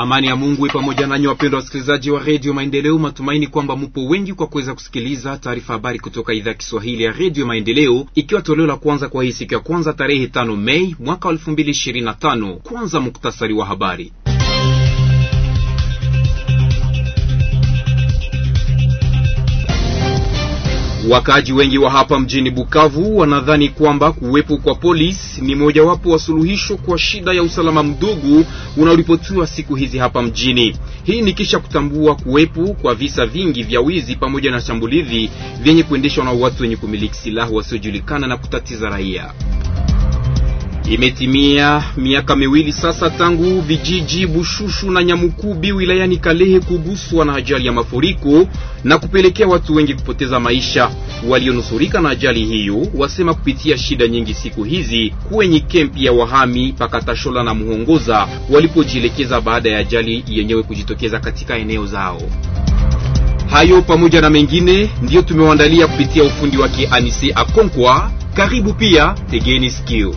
Amani ya Mungu i pamoja nanyi wapendwa wasikilizaji wa Redio Maendeleo. Matumaini kwamba mupo wengi kwa kuweza kusikiliza taarifa habari kutoka idhaa ya Kiswahili ya Redio Maendeleo, ikiwa toleo la kwanza kwa hii siku ya kwanza tarehe tano Mei mwaka tano. Kwanza muktasari wa habari. Wakaaji wengi wa hapa mjini Bukavu wanadhani kwamba kuwepo kwa polisi ni mojawapo wa suluhisho kwa shida ya usalama mdogo unaoripotiwa siku hizi hapa mjini. Hii ni kisha kutambua kuwepo kwa visa vingi vya wizi pamoja na shambulizi vyenye kuendeshwa na watu wenye kumiliki silaha wasiojulikana na kutatiza raia. Imetimia miaka miwili sasa tangu vijiji Bushushu na Nyamukubi wilayani Kalehe kuguswa na ajali ya mafuriko na kupelekea watu wengi kupoteza maisha. Walionusurika na ajali hiyo wasema kupitia shida nyingi siku hizi kwenye kempi ya wahami Pakatashola na Muhongoza walipojielekeza baada ya ajali yenyewe kujitokeza katika eneo zao. Hayo pamoja na mengine ndiyo tumewaandalia kupitia ufundi wake Anise Akonkwa. Karibu pia, tegeni sikio.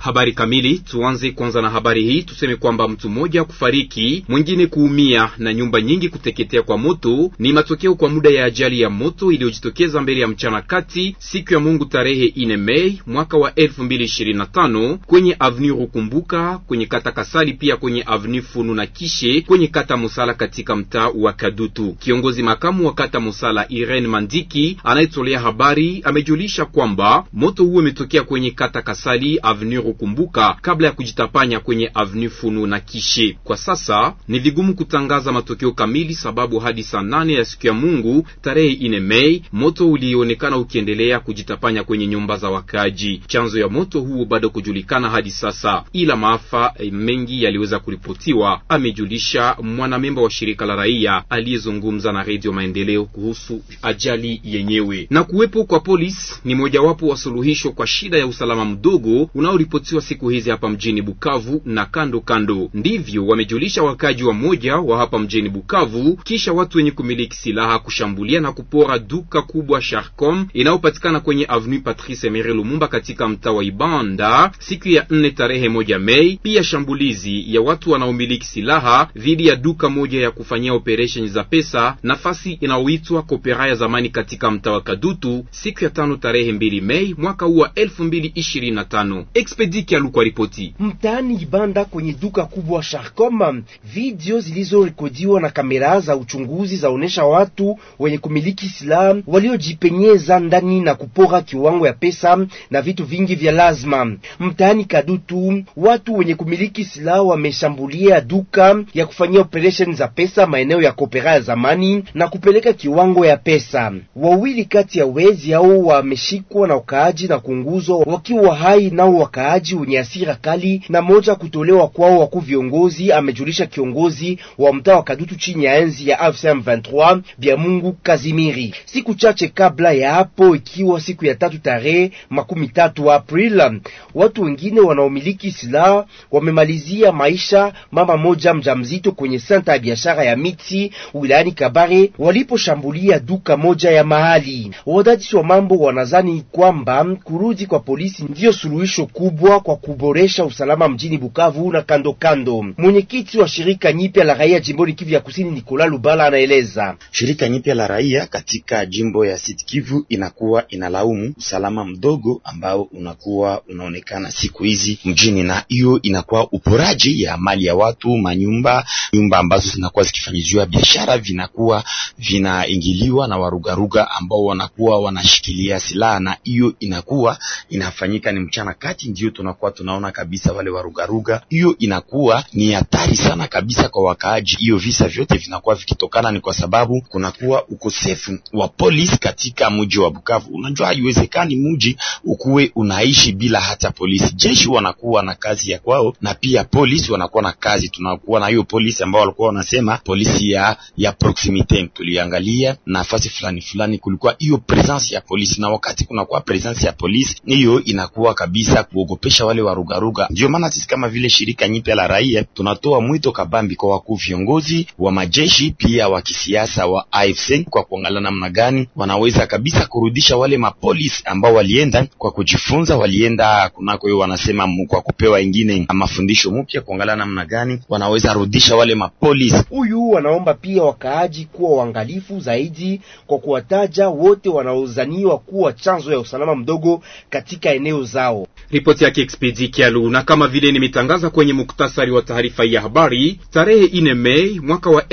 Habari kamili, tuanze kwanza na habari hii. Tuseme kwamba mtu mmoja kufariki, mwingine kuumia na nyumba nyingi kuteketea kwa moto ni matokeo kwa muda ya ajali ya moto iliyojitokeza mbele ya mchana kati siku ya Mungu tarehe ine Mei mwaka wa 2025 kwenye avenue Rukumbuka kwenye kata Kasali, pia kwenye avenue Funu na Kishe kwenye kata Musala katika mtaa wa Kadutu. Kiongozi makamu wa kata Musala Irene Mandiki anayetolea habari amejulisha kwamba moto huo umetokea kwenye kata Kasali avenue kukumbuka kabla ya kujitapanya kwenye Avenue Funu na Kishe. Kwa sasa ni vigumu kutangaza matokeo kamili, sababu hadi saa nane ya siku ya Mungu tarehe ine Mei moto ulionekana ukiendelea kujitapanya kwenye nyumba za wakaji. Chanzo ya moto huo bado kujulikana hadi sasa, ila maafa eh, mengi yaliweza kuripotiwa, amejulisha mwanamemba wa shirika la raia aliyezungumza na Redio Maendeleo kuhusu ajali yenyewe. Na kuwepo kwa polisi ni mojawapo wa suluhisho kwa shida ya usalama mdogo unaoripotiwa yanaripotiwa siku hizi hapa mjini Bukavu na kando kando. Ndivyo wamejulisha wakaji wa moja wa hapa mjini Bukavu, kisha watu wenye kumiliki silaha kushambulia na kupora duka kubwa Sharcom inayopatikana kwenye Avenue Patrice Emery Lumumba katika mtaa wa Ibanda siku ya nne tarehe moja Mei. Pia shambulizi ya watu wanaomiliki silaha dhidi ya duka moja ya kufanyia operation za pesa nafasi inayoitwa Kopera ya zamani katika mtaa wa Kadutu siku ya tano tarehe mbili Mei mwaka huu wa elfu mbili ishirini na tano. Sediki ripoti. mtaani Ibanda kwenye duka kubwa Sharcom. Video zilizorekodiwa na kamera za uchunguzi zaonesha watu wenye kumiliki silaha waliojipenyeza ndani na kupora kiwango ya pesa na vitu vingi vya lazima. Mtaani Kadutu, watu wenye kumiliki silaha wameshambulia duka ya kufanyia operation za pesa maeneo ya kopera ya zamani na kupeleka kiwango ya pesa. Wawili kati ya wezi hao wameshikwa na wakaaji na kuunguzwa wakiwa hai, nao wakaaji wakaaji wenye hasira kali na moja kutolewa kwao wakuu viongozi, amejulisha kiongozi wa mtaa wa Kadutu chini ya enzi ya AFC/M23 vya Mungu Kazimiri. Siku chache kabla ya hapo, ikiwa siku ya tatu tarehe makumi tatu april watu wengine wanaomiliki silaha wamemalizia maisha mama moja mjamzito kwenye senta ya biashara ya miti wilayani Kabare waliposhambulia duka moja ya mahali. Wadadisi wa mambo wanazani kwamba kurudi kwa polisi ndiyo suluhisho kubwa hatua kwa kuboresha usalama mjini Bukavu na kando kando. Mwenyekiti wa shirika nyipya la raia jimboni Kivu ya Kusini, Nikola Lubala, anaeleza shirika nyipya la raia katika jimbo ya Sud Kivu inakuwa inalaumu usalama mdogo ambao unakuwa unaonekana siku hizi mjini, na hiyo inakuwa uporaji ya mali ya watu, manyumba, nyumba ambazo zinakuwa zikifanyiziwa biashara, vinakuwa vinaingiliwa na warugaruga ambao wanakuwa wanashikilia silaha, na hiyo inakuwa inafanyika ni mchana kati, ndio tunakuwa tunaona kabisa wale warugaruga. Hiyo inakuwa ni hatari sana kabisa kwa wakaaji. Hiyo visa vyote vinakuwa vikitokana ni kwa sababu kunakuwa ukosefu wa polisi katika mji wa Bukavu. Unajua, haiwezekani mji ukuwe unaishi bila hata polisi. Jeshi wanakuwa na kazi ya kwao na pia polisi wanakuwa na kazi. Tunakuwa na hiyo polisi ambao walikuwa wanasema polisi ya, ya proximity. Tuliangalia nafasi fulani fulani, kulikuwa hiyo presence ya polisi, na wakati kunakuwa presence ya polisi hiyo inakuwa kabisa kuogopesha kuwaogopesha wale warugaruga. Ndio maana sisi kama vile shirika nyipya la raia tunatoa mwito kabambi kwa wakuu viongozi wa majeshi pia wa kisiasa wa AFC kwa kuangalia namna gani wanaweza kabisa kurudisha wale mapolisi ambao walienda kwa kujifunza, walienda kunako hiyo wanasema kwa kupewa ingine mafundisho mpya, kuangalia namna gani wanaweza rudisha wale mapolisi. Huyu wanaomba pia wakaaji kuwa waangalifu zaidi kwa kuwataja wote wanaozaniwa kuwa chanzo ya usalama mdogo katika eneo zao ripoti yake Expedi Kialu. Na kama vile nimetangaza kwenye muktasari wa taarifa ya habari, tarehe ine Mei mwaka wa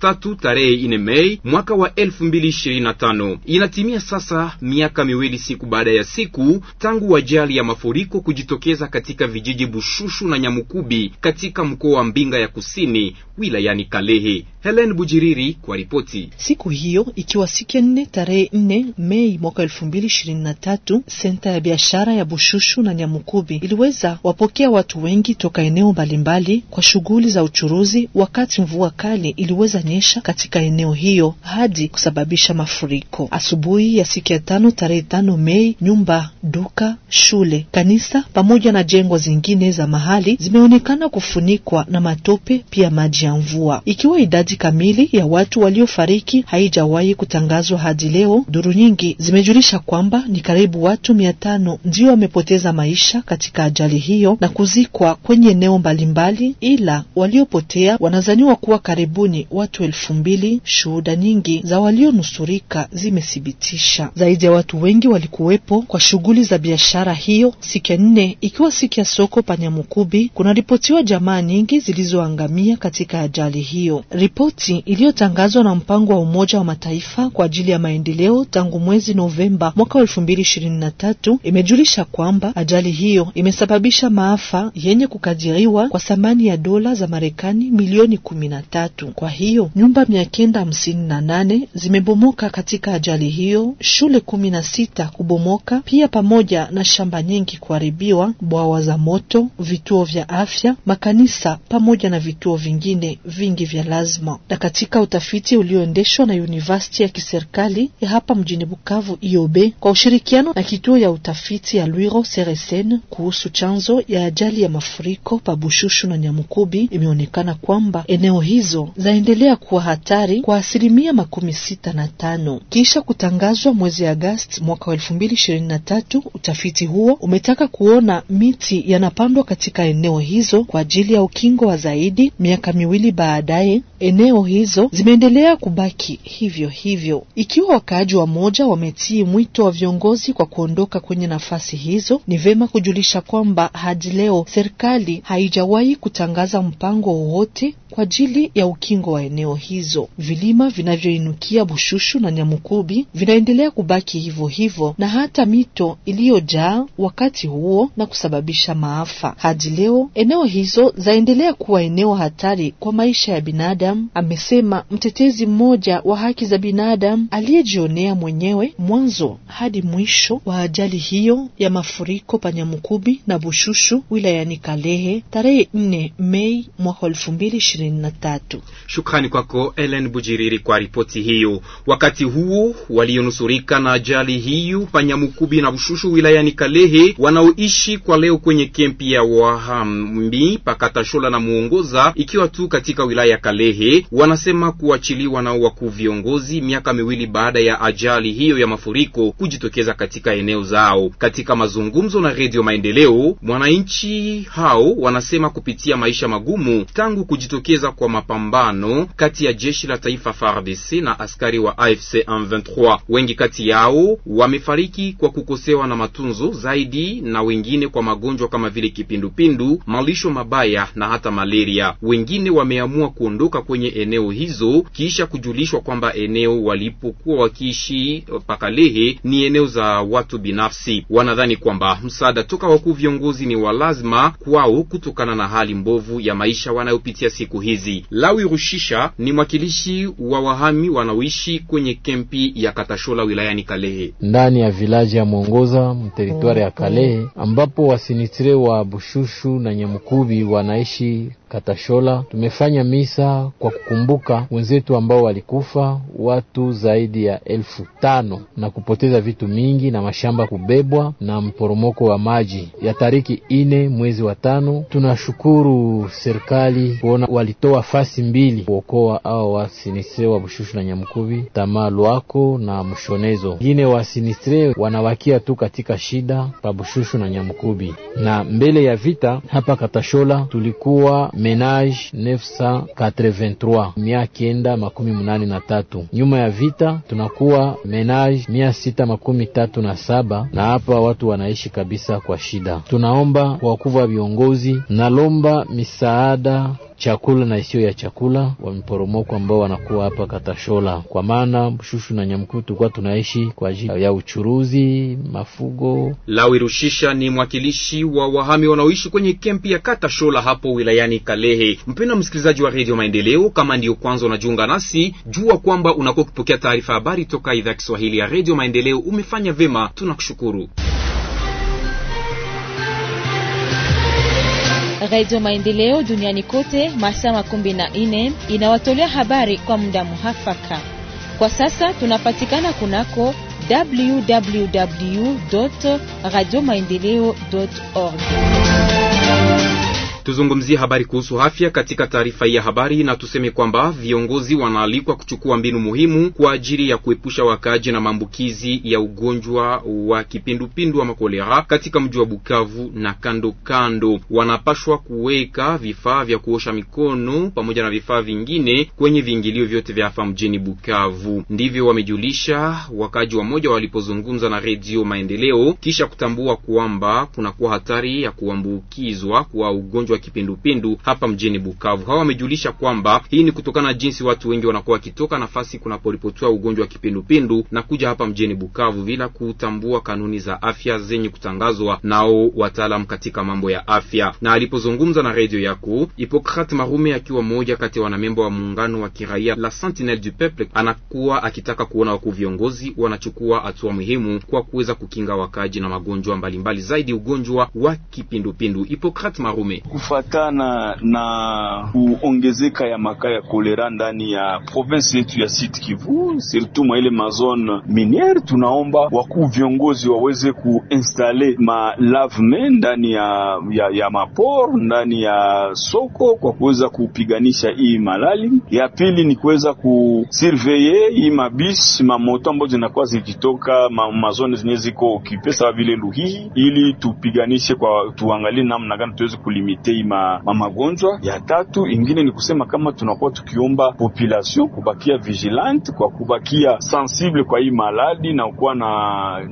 tatu tarehe ine Mei mwaka wa tano inatimia sasa miaka miwili siku baada ya siku tangu ajali ya mafuriko kujitokeza katika vijiji Bushushu na Nyamukubi katika mkoa wa Mbinga ya Kusini wilayani Kalehe. Helen Bujiriri kwa ripoti. Siku hiyo ikiwa siku ya nne tarehe nne Mei mwaka elfu mbili ishirini na tatu, senta ya biashara ya Bushushu na Nyamukubi iliweza wapokea watu wengi toka eneo mbalimbali kwa shughuli za uchuruzi, wakati mvua kali iliweza nyesha katika eneo hiyo hadi kusababisha mafuriko. Asubuhi ya siku ya tano tarehe tano Mei, nyumba, duka, shule, kanisa pamoja na jengo zingine za mahali zimeonekana kufunikwa na matope, pia maji ya mvua ikiwa idadi idadi kamili ya watu waliofariki haijawahi kutangazwa hadi leo. Duru nyingi zimejulisha kwamba ni karibu watu mia tano ndio wamepoteza maisha katika ajali hiyo na kuzikwa kwenye eneo mbalimbali, ila waliopotea wanazaniwa kuwa karibuni watu elfu mbili. Shuhuda nyingi za walionusurika zimethibitisha zaidi ya watu wengi walikuwepo kwa shughuli za biashara hiyo siku ya nne, ikiwa siku ya soko panyamukubi Kunaripotiwa jamaa nyingi zilizoangamia katika ajali hiyo Ripo Ripoti iliyotangazwa na mpango wa Umoja wa Mataifa kwa ajili ya maendeleo tangu mwezi Novemba mwaka tatu imejulisha kwamba ajali hiyo imesababisha maafa yenye kukadiriwa kwa thamani ya dola za Marekani milioni kumi na tatu Kwa hiyo nyumba mia kenda hamsini na nane zimebomoka katika ajali hiyo, shule kumi na sita kubomoka pia pamoja na shamba nyingi kuharibiwa, bwawa za moto, vituo vya afya, makanisa pamoja na vituo vingine vingi vya lazima. Na katika utafiti ulioendeshwa na University ya kiserikali ya hapa mjini Bukavu IOB kwa ushirikiano na kituo ya utafiti ya Lwiro Seresen kuhusu chanzo ya ajali ya mafuriko Pabushushu na Nyamukubi, imeonekana kwamba eneo hizo zaendelea kuwa hatari kwa asilimia makumi sita na tano kisha kutangazwa mwezi Agasti mwaka wa elfu mbili ishirini na tatu. Utafiti huo umetaka kuona miti yanapandwa katika eneo hizo kwa ajili ya ukingo wa zaidi. Miaka miwili baadaye eneo hizo zimeendelea kubaki hivyo hivyo, ikiwa wakaaji wa moja wametii mwito wa viongozi kwa kuondoka kwenye nafasi hizo. Ni vema kujulisha kwamba hadi leo serikali haijawahi kutangaza mpango wowote kwa ajili ya ukingo wa eneo hizo. Vilima vinavyoinukia Bushushu na Nyamukubi vinaendelea kubaki hivyo hivyo, na hata mito iliyojaa wakati huo na kusababisha maafa. Hadi leo eneo hizo zaendelea kuwa eneo hatari kwa maisha ya binadamu amesema mtetezi mmoja wa haki za binadamu aliyejionea mwenyewe mwanzo hadi mwisho wa ajali hiyo ya mafuriko Panyamukubi na Bushushu wilayani Kalehe tarehe 4 Mei mwaka Shukrani kwako Ellen Bujiriri kwa ripoti hiyo. Wakati huo walionusurika na ajali hiyo Panyamukubi na Bushushu wilayani Kalehe wanaoishi kwa leo kwenye kempi ya Wahambi Pakatashola na Muongoza ikiwa tu katika wilaya ya Kalehe wanasema kuachiliwa na wakuu viongozi miaka miwili baada ya ajali hiyo ya mafuriko kujitokeza katika eneo zao. Katika mazungumzo na Redio Maendeleo, mwananchi hao wanasema kupitia maisha magumu tangu kujitokeza kwa mapambano kati ya jeshi la taifa FARDC na askari wa AFC M23. Wengi kati yao wamefariki kwa kukosewa na matunzo zaidi na wengine kwa magonjwa kama vile kipindupindu, malisho mabaya na hata malaria. Wengine wameamua kuondoka kwenye kwenye eneo hizo kisha kujulishwa kwamba eneo walipokuwa wakiishi eh, Pakalehe ni eneo za watu binafsi. Wanadhani kwamba msaada toka wakuu viongozi ni wa lazima kwao kutokana na hali mbovu ya maisha wanayopitia siku hizi. Lawi Rushisha ni mwakilishi wa wahami wanaoishi kwenye kempi ya Katashola wilayani Kalehe ndani ya vilaji ya Mwongoza mteritwari ya Kalehe ambapo wasinitire wa Bushushu na Nyamukubi wanaishi Katashola tumefanya misa kwa kukumbuka wenzetu ambao walikufa, watu zaidi ya elfu tano na kupoteza vitu mingi na mashamba kubebwa na mporomoko wa maji ya tariki ine mwezi wa tano. Tunashukuru serikali kuona walitoa fasi mbili kuokoa awa wasinistre wa Bushushu na Nyamukubi, Tamaa Lwako na Mshonezo. Ngine wasinistre wanawakia tu katika shida pa Bushushu na Nyamukubi, na mbele ya vita hapa Katashola tulikuwa Menage 983 mia kenda makumi munane na tatu. Nyuma ya vita tunakuwa Menage mia sita makumi tatu na saba, na hapa watu wanaishi kabisa kwa shida. Tunaomba kwa wakubwa wa viongozi, nalomba misaada chakula na isiyo ya chakula wameporomoko ambao wanakuwa hapa Katashola, kwa maana Mshushu na Nyamkutu kwa tunaishi kwa ajili ya uchuruzi mafugo. Lawirushisha ni mwakilishi wa wahami wanaoishi kwenye kempi ya Katashola hapo wilayani Kalehe. Mpendwa msikilizaji wa Radio Maendeleo, kama ndiyo kwanza unajiunga nasi, jua kwamba unakuwa ukipokea taarifa habari toka idhaa ya Kiswahili ya Radio Maendeleo. Umefanya vema, tunakushukuru. Radio Maendeleo duniani kote masaa makumi na inawatolea habari kwa muda muhafaka. Kwa sasa tunapatikana kunako www radio maendeleo org Tuzungumzie habari kuhusu afya katika taarifa hii ya habari, na tuseme kwamba viongozi wanaalikwa kuchukua mbinu muhimu kwa ajili ya kuepusha wakaaji na maambukizi ya ugonjwa wa kipindupindu ama kolera katika mji wa Bukavu na kando kando. Wanapashwa kuweka vifaa vya kuosha mikono pamoja na vifaa vingine kwenye viingilio vyote vya hapa mjini Bukavu. Ndivyo wamejulisha wakaaji wamoja walipozungumza na Redio Maendeleo kisha kutambua kwamba kunakuwa hatari ya kuambukizwa kwa ugonjwa wa kipindupindu hapa mjini Bukavu. Hawa wamejulisha kwamba hii ni kutokana na jinsi watu wengi wanakuwa wakitoka nafasi kunapolipotua ugonjwa wa kipindupindu na kuja hapa mjini Bukavu bila kutambua kanuni za afya zenye kutangazwa nao wataalamu katika mambo ya afya. Na alipozungumza na redio yako Hippocrate Marume akiwa mmoja kati ya wanamemba wa muungano wa kiraia la Sentinelle du Peuple, anakuwa akitaka kuona wakuu viongozi wanachukua hatua muhimu kwa kuweza kukinga wakaji na magonjwa mbalimbali, zaidi ugonjwa wa kipindupindu. Hippocrate Marume kufatana na kuongezeka ya makaa ya kolera ndani ya province yetu ya Sud Kivu, surtout mwa ile mazone miniere, tunaomba wakuu viongozi waweze kuinstale malavme ndani ya, ya, ya mapor ndani ya soko kwa kuweza kupiganisha hii malali. Ya pili ni kuweza kusurveye hii mabisi mamoto ambazo zinakuwa zikitoka ma, mazone zenye ziko okipe sawa vile Luhihi, ili tupiganishe kwa tuangalie namna gani tuweze kulimite bei ma, ma magonjwa. Ya tatu ingine ni kusema kama tunakuwa tukiomba population kubakia vigilante kwa kubakia sensible kwa hii maladi na kuwa na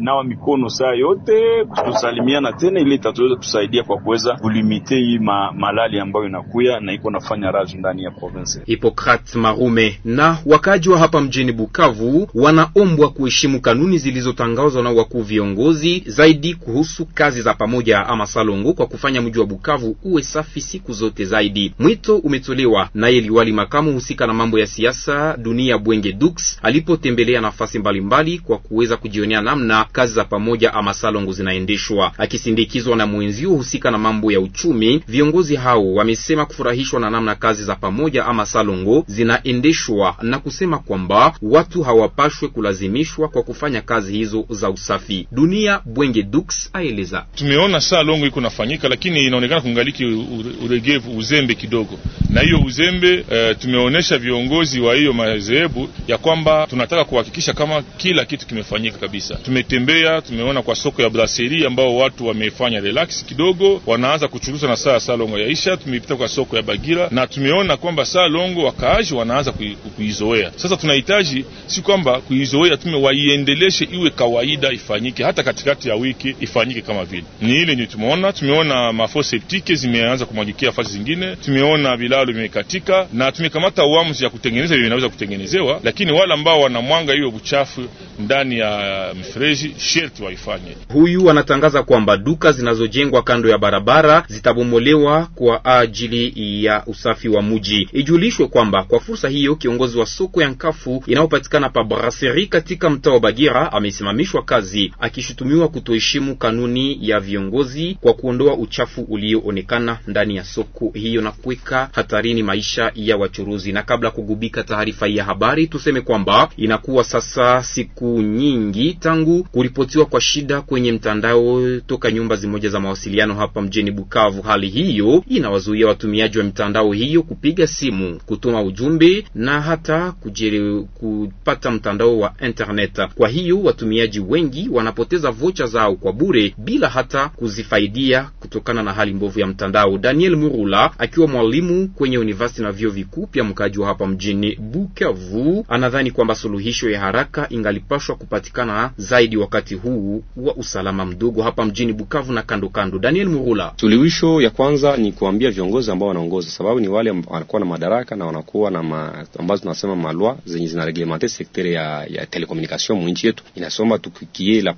nawa mikono saa yote, kutusalimiana tena, ile itatuweza tusaidia kwa kuweza kulimite hii ma, malali ambayo inakuya na iko nafanya raju ndani ya province. Hipokrat Marume na wakaji wa hapa mjini Bukavu wanaombwa kuheshimu kanuni zilizotangazwa na wakuu viongozi zaidi kuhusu kazi za pamoja ama salongo kwa kufanya mji wa Bukavu uwe safi siku zote zaidi. Mwito umetolewa naye liwali makamu husika na mambo ya siasa dunia Bwenge Dux alipotembelea nafasi mbalimbali kwa kuweza kujionea namna kazi za pamoja ama salongo zinaendeshwa, akisindikizwa na mwenzio husika na mambo ya uchumi. Viongozi hao wamesema kufurahishwa na namna kazi za pamoja ama salongo zinaendeshwa na kusema kwamba watu hawapashwe kulazimishwa kwa kufanya kazi hizo za usafi. Dunia Bwenge Dux aeleza, tumeona salongo iko nafanyika, lakini inaonekana kungaliki uregevu, uzembe kidogo, na hiyo uzembe uh, eh, tumeonyesha viongozi wa hiyo madhehebu ya kwamba tunataka kuhakikisha kama kila kitu kimefanyika kabisa. Tumetembea, tumeona kwa soko ya Brasserie ambao watu wamefanya relax kidogo, wanaanza kuchuruza na saa salongo ya isha. Tumepita kwa soko ya Bagira na tumeona kwamba saa longo wakaaji wanaanza kuizoea kui. Sasa tunahitaji si kwamba kuizoea tume, waiendeleshe iwe kawaida, ifanyike hata katikati ya wiki ifanyike kama vile ni ile nye tumeona, tumeona mafoseptike zimea imeanza kumwagikia fasi zingine. Tumeona vilalo vimekatika na tumekamata uamuzi ya kutengeneza vile vinaweza kutengenezewa, lakini wale ambao wanamwanga hiyo buchafu ndani ya mfereji sherti waifanye. Huyu anatangaza kwamba duka zinazojengwa kando ya barabara zitabomolewa kwa ajili ya usafi wa muji. Ijulishwe kwamba kwa fursa hiyo kiongozi wa soko ya Nkafu inayopatikana pa Brasserie katika mtaa wa Bagira amesimamishwa kazi akishutumiwa kutoheshimu kanuni ya viongozi kwa kuondoa uchafu ulioonekana sana ndani ya soko hiyo na kuweka hatarini maisha ya wachuruzi. Na kabla kugubika taarifa hii ya habari, tuseme kwamba inakuwa sasa siku nyingi tangu kuripotiwa kwa shida kwenye mtandao toka nyumba zimoja za mawasiliano hapa mjini Bukavu. Hali hiyo inawazuia watumiaji wa mitandao hiyo kupiga simu, kutuma ujumbe na hata kujiri, kupata mtandao wa internet. Kwa hiyo watumiaji wengi wanapoteza vocha zao kwa bure bila hata kuzifaidia kutokana na hali mbovu ya mtandao. Kisau. Daniel Murula akiwa mwalimu kwenye university na vyuo vikuu pia mkaji wa hapa mjini Bukavu, anadhani kwamba suluhisho ya haraka ingalipashwa kupatikana zaidi wakati huu wa usalama mdogo hapa mjini Bukavu na kando kando. Daniel Murula: suluhisho ya kwanza ni kuambia viongozi ambao wanaongoza, sababu ni wale wanakuwa na madaraka na wanakuwa na ma, ambazo tunasema malwa zenye zina reglementer ya, ya telecommunication mwinchi yetu inasoma tukikie la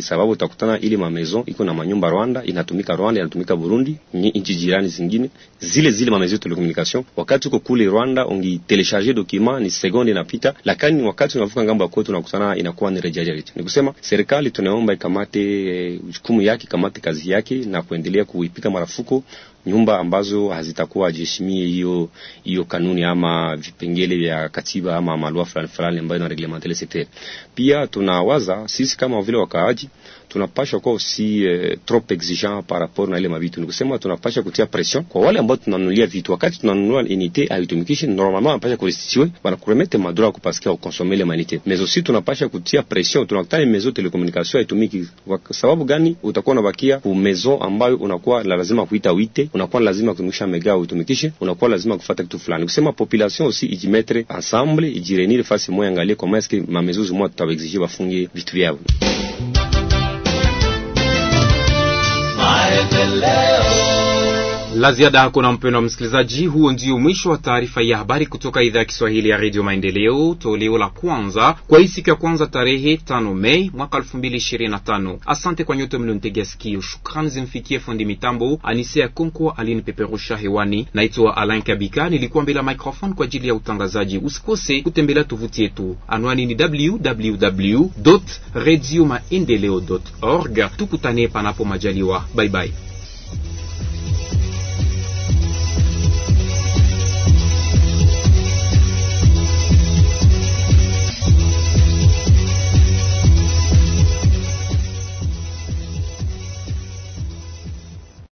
sababu utakutana ile ma maison iko na manyumba Rwanda, inatumika Rwanda, inatumika Burundi, nchi jirani zingine zile zile ma maison telecommunication. Wakati uko kule Rwanda ungitelesharge document ni sekonde inapita, lakini wakati unavuka ngambo ya kwetu unakutana inakuwa ni rejareja. Ni kusema serikali tunaomba ikamate eh, jukumu yake, ikamate kazi yake na kuendelea kuipika marafuku nyumba ambazo hazitakuwa hajiheshimie hiyo hiyo kanuni ama vipengele vya katiba ama malua fulani fulani ambayo na reglementele sete. Pia tunawaza sisi kama vile wakaaji tunapashwa kuwa usi eh, trop exigeant par rapport na ile mavitu. Nikusema tunapashwa kutia pression kwa wale ambao tunanunulia vitu, wakati tunanunua unité aitumikishe normalement, anapasha kurestitua wanakuremete madura ko paske au consommer ile manité mais aussi tunapasha kutia pression, tunakutana mezo telecommunication aitumiki. Sababu gani? Utakuwa unabakia ku mezo ambayo unakuwa la lazima kuita wite, unakuwa lazima kutumikisha mega utumikishe, unakuwa lazima kufuata kitu fulani. Kusema population aussi ijimetre ensemble, ijirenire fasi moya, angalie comment est-ce que ma maison zimwa tutawaexige bafungie vitu vyao. Cállate el león. la ziada hakuna, wa msikilizaji. Huo ndio mwisho wa taarifa ya habari kutoka idhaa ya Kiswahili ya redio Maendeleo, toleo la kwanza kwa hii siku ya kwanza tarehe 5 Mei mwaka 225 Asante kwa nyote mliontegea sikio. Shukrani zimfikie fundi mitambo Anise ya Konko alinipeperusha hewani. Naitwa Alain Kabika, nilikuwa mbele ya microphone kwa ajili ya utangazaji. Usikose kutembelea tovuti yetu, anwani ni www radio maendeleo org. tukutanie panapo majaliwa, baibai.